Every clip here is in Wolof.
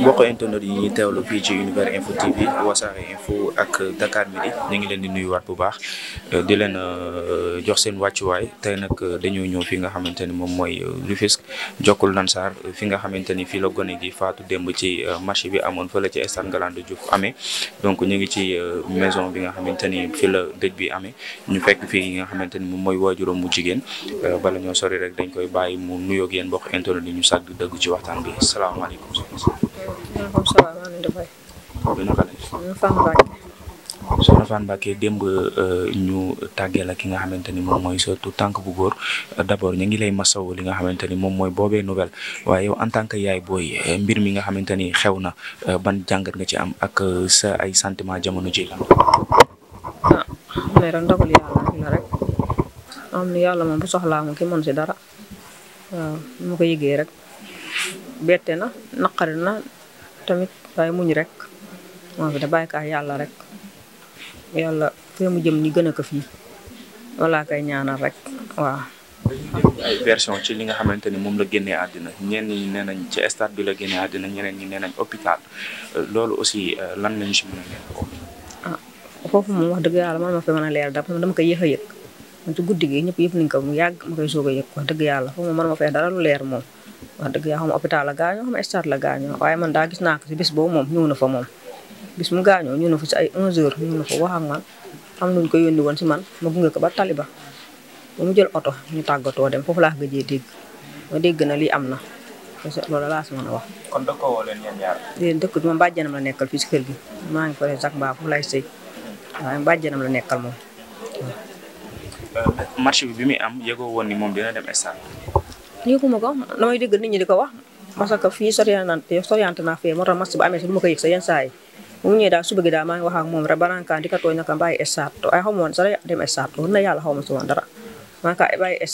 mbokk internet yi ñuy teewlu fii ci Univers Info TV Wassare Info ak Dakar Midi ñu ngi leen di nuyuwaat bu baax euh, di leen euh, jox seen wàccuwaay te nag euh, dañoo ñëw fi nga xamante ni moom mooy Rufisque Jokkul Lansar fi nga xamante ni fii la gone gi faatu démb ci marché bi amoon fa la ci stade Ngalandou Diouf amee donc ñu ngi ci maison bi nga xamante ni fii la dëj bi amee ñu fekk fii nga xamante ni moom mooy waajuram mu jigéen bala ñoo sori rek dañ koy bàyyi mu nuyoo yéen mbokk internet yi ñu sàgg dëgg ci waxtaan bi salaamaaleykum maaleykum salaam Aliou Ndafay. bi ñu tàggee la ki nga xamante ni moom mooy surtout tànk bu góor d' abord ñu ngi lay masawu li nga xamante ni moom mooy boobee nouvelle waaye yow en tant que yaay booy euh, mbir mi nga xamante ni xew na euh, ban jàngat nga ci am ak euh, sa ay sentiment jamono ji lan. Ah, la rek am na moom bu soxlaa moom ki mën si dara waaw mu ko rek. bete na naqari na tamit bay muñ rek mo fi da bay ka yalla rek yalla fee mu jëm ni gëna ko wala kay ñaanal rek wa ay version ci li nga xamanteni mom la génné adina ñen ñi nenañ ci stade bi la génné adina ñeneen ñi nenañ hôpital euh, lolu aussi euh, lan lañ ci mëna leen ko fofu ah, mo wax deug yalla man ma fa mëna leer da dama ko yëxa yëk man ci guddi gi ñëpp yëpp nañ ko mu yag ma koy soga yëk wax deug yalla fofu man ma fa dara lu leer mom wax dëgg yaa xam hôpital la gaañoo xam stade la gaañoo waaye man daa gis naa ko si bis boobu moom ñëw na fa moom bis mu gaañoo ñëw na fa si ay 11 heures ñëw na fa wax ak man am ko yónni woon si man ma ko ba taliba ba mu jël oto ñu tàggatoo dem foofu laa gëjee dégg ma dégg na lii am na loolu laa si kon dëkkoo woo leen ñoom nekkal fii si kër gi maa ngi pare sax mbaa foofu laay sëy waaye bàjjanam la nekkal moom. Euh, match bi bi muy am yëgoo woon ni moom dina dem stade. yëguma ko damay dégg nit ñi di ko wax parce que fii soriante soriante naa fee moo tax match bu amee sax du ma ko yëg sa yenn saa yi mu ñëwee daal suba gi daal maa ngi wax ak moom rek barankaan di ko tooñ naka bàyyi estaat ay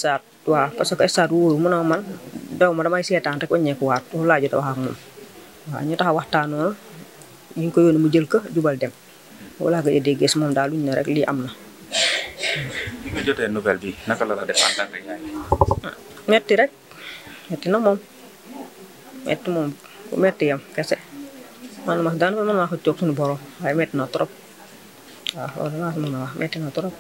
xaw na parce que estaat wóoru mën a man daw ma damay seetaan rek waññeeku waat loolu laa jot a wax ak moom waaw ñu taxaw waxtaanoon ñu ngi ko yónni mu jël ko jubal dem walaa nga déggee si moom daal ñu ne rek lii am na. bi nga jotee nouvelle bi naka la la metti rek metti na mom metti mom ku metti yam kese man ma ko man ma xoj jóg suñu borom way metti na trop ah loolu laa mën wax metti na trop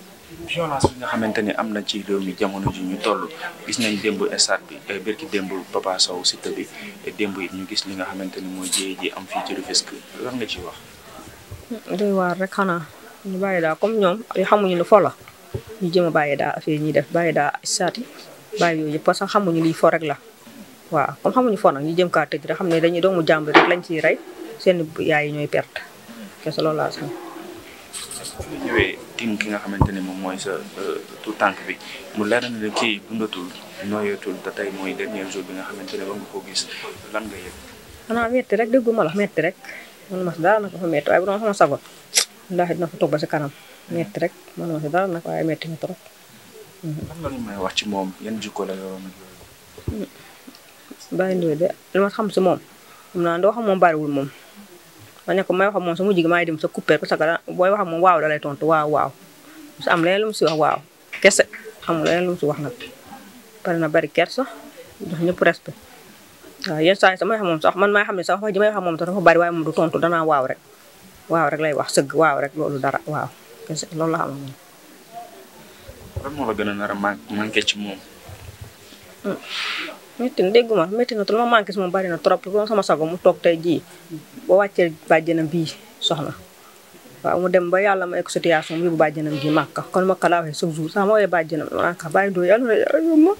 jonas bi nga xamante ni ci rew mi jamono ji ñu tollu gis nañ démb estat bi birki démb papa saw site bi démb yi ñu gis li nga xamanteni moy jey ji am fi ci Rufisque lan nga ci wax doy war rek xana ñu baye da comme xamu ñu lu fo la ñu jema baye da affaire def baye da estat bàyyi yooyu yëpp parce que xamuñu lii foo rek la waaw comme xamuñu fo nag ñu jëm kaa tëj rek xam ne dañuy doomu jàmbur rek lañ ciy rey seen yaay yi ñooy perte kese loolu laa sax. ki nga xamante ne moom mooy sa euh, tout tànk bi mu leer na kii dundatul nooyatul te tey mooy dernier jour bi nga xamante ne war nga koo gis lan nga yëg. xanaa metti rek dégguma la metti rek man ma si dara nag dafa metti waaye bu doon sama sago ndax dina fa toog ba si kanam metti rek man ma si dara nag waaye metti na lan nga wax ci moom yan jikko la yoroon ak de li ma xam si moom xam naa doo xam moom bariwul moom ma ne ko may wax ak moom sama dem sa coupé parce que booy wax ak moom waaw lay tontu waaw waaw am leneen lu waaw kese amul leneen lu si wax nag na bari kersa ñëpp respect waaw saa yi sama xam moom sax man maa xam ne sax wax ji may wax moom dafa bari waaye moom tontu danaa waaw rek waaw rek lay wax sëgg waaw rek loolu dara waaw kese loolu la xam moom. lan moo la gën a nar a manqué ci moom. métti hmm. na dégguma métti na te ma manqué si moom bari na trop ba sama sago mu toog tey jii ba wàccee bàjjenam bii soxna waaw mu dem ba yàlla ma egg situation bu yóbbu bàjjenam bii màkka kon màkka laa waxee chaque jour sax ma woowee bàjjenam màkka bàyyi doo yàlla yow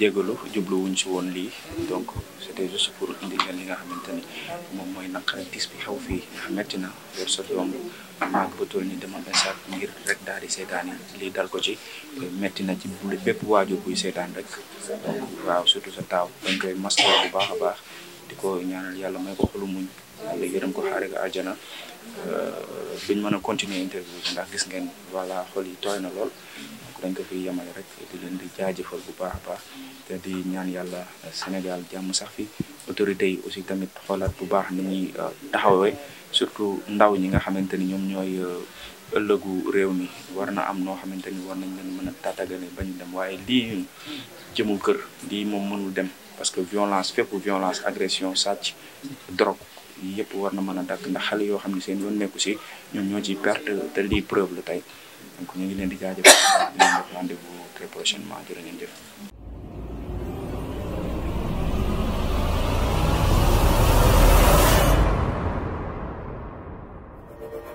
jégalu jubluwuñ si woon lii donc c'était juste pour indi leen li nga xamante ni moom mooy naqar ak bi xew fii metti na yor sa doom maag ba toll ni dama message ngir rek daal di seetaan yi lii dal ko ci metti na ci bépp waajur buy seetaan rek waaw surtout sa taaw dañ koy master bu baax a baax di ko ñaanal yàlla may ko xolu muñ yàlla yërëm ko xaare biñ euh, mën a continuer interview ndax gis ngeen voilà xol yi tooy na lool dañ ko fi yemale rek di leen eh, di jaajëfal bu baax a baax te di ñaan yàlla Sénégal jàmm sax fi autorité yi aussi tamit xoolaat bu baax ni ñuy taxawee surtout ndaw ñi nga xamante ni ñoom ñooy ëllëgu réew mi war na am noo xamante ni war nañ leen mën a tàttagale bañ dem waaye lii jëmul kër lii moom mënul dem parce que violence fépp violence agression sàcc drogue yëpp war na mën a dakk ndax xale yoo xam ne seen yoon nekku si ñoom ñoo ciy perte te lii preuve la tey donc ñu ngi leen di jaajëfal di leen jëf.